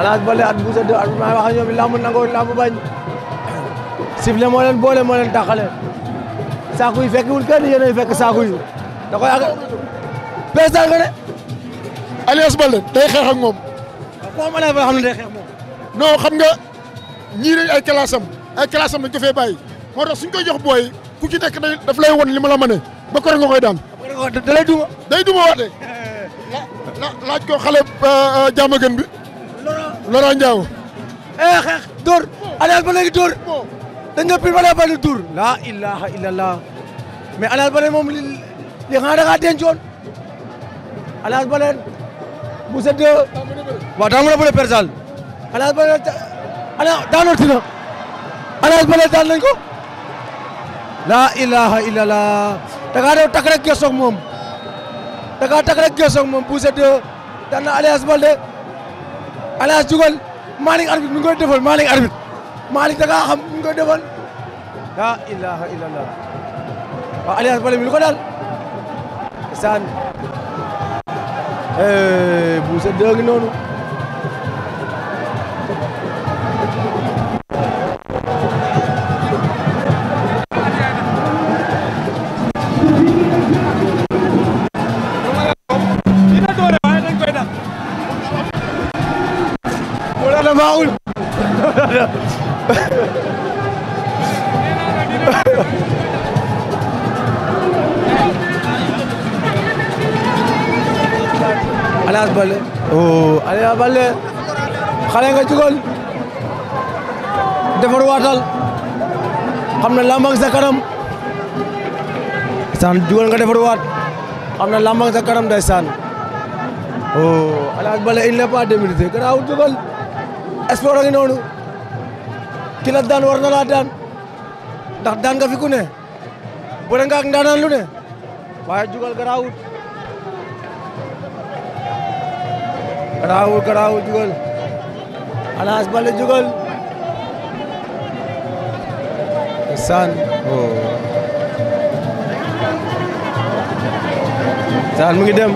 Alhaji Baldé at Boussa Diop at maa wax ak ñoom nangoo lamb bañ sifle moo leen boole moo leen taxale saako yi fekkiwul kenn yéen a fekk saako yi da koy ak président nga day xeex moom. waaw kooku ma xam ne day xeex moom. non xam nga ñii dañ ay classe am ay classe am dañ ko moo tax suñ koy jox booy ku ci nekk day daf lay won li ma la mënee ba kore nga koy daan. da duma. day duma waate. laaj ko xale jàmm euh, euh, gën bi. Laurent Ndiago. eh xeex dóor Alliance Baldé dóor dañ ne Pire Baldé Baldé dóor. laa illallah mais Alliance Baldé moom li li xanaa da ngaa dencoon Alliance Baldé bu sedd waaw daa mën a bëre persal Alliance Baldé daanooti na Alliance Baldé daan nañ ko. laa illallah da ngaa daw takk moom da ngaa takk rek moom bu sedd daan na Alliance Alliance jugal Malick arbitre mi ngi koy defal Malick arbitre Malick da ngaa xam mi ngi koy illallah waaw Alliance Baldé mi lu ko daal saan eh, noonu baaxul Alliance Baldé oh Alliance Baldé xale nga jugal defar waatal xam na làmb ak sa kanam saan jugal nga defar waat na làmb ak sa kanam day saan oh Alliance Baldé il n'est pas jugal espoir a ngi noonu ki la daan war na daan ndax daan nga fi ku ne bëre nga ak ndaanaan lu ne waaye jugal garaawut garaawut jugal Alaas Bale jugal saan saan mu ngi dem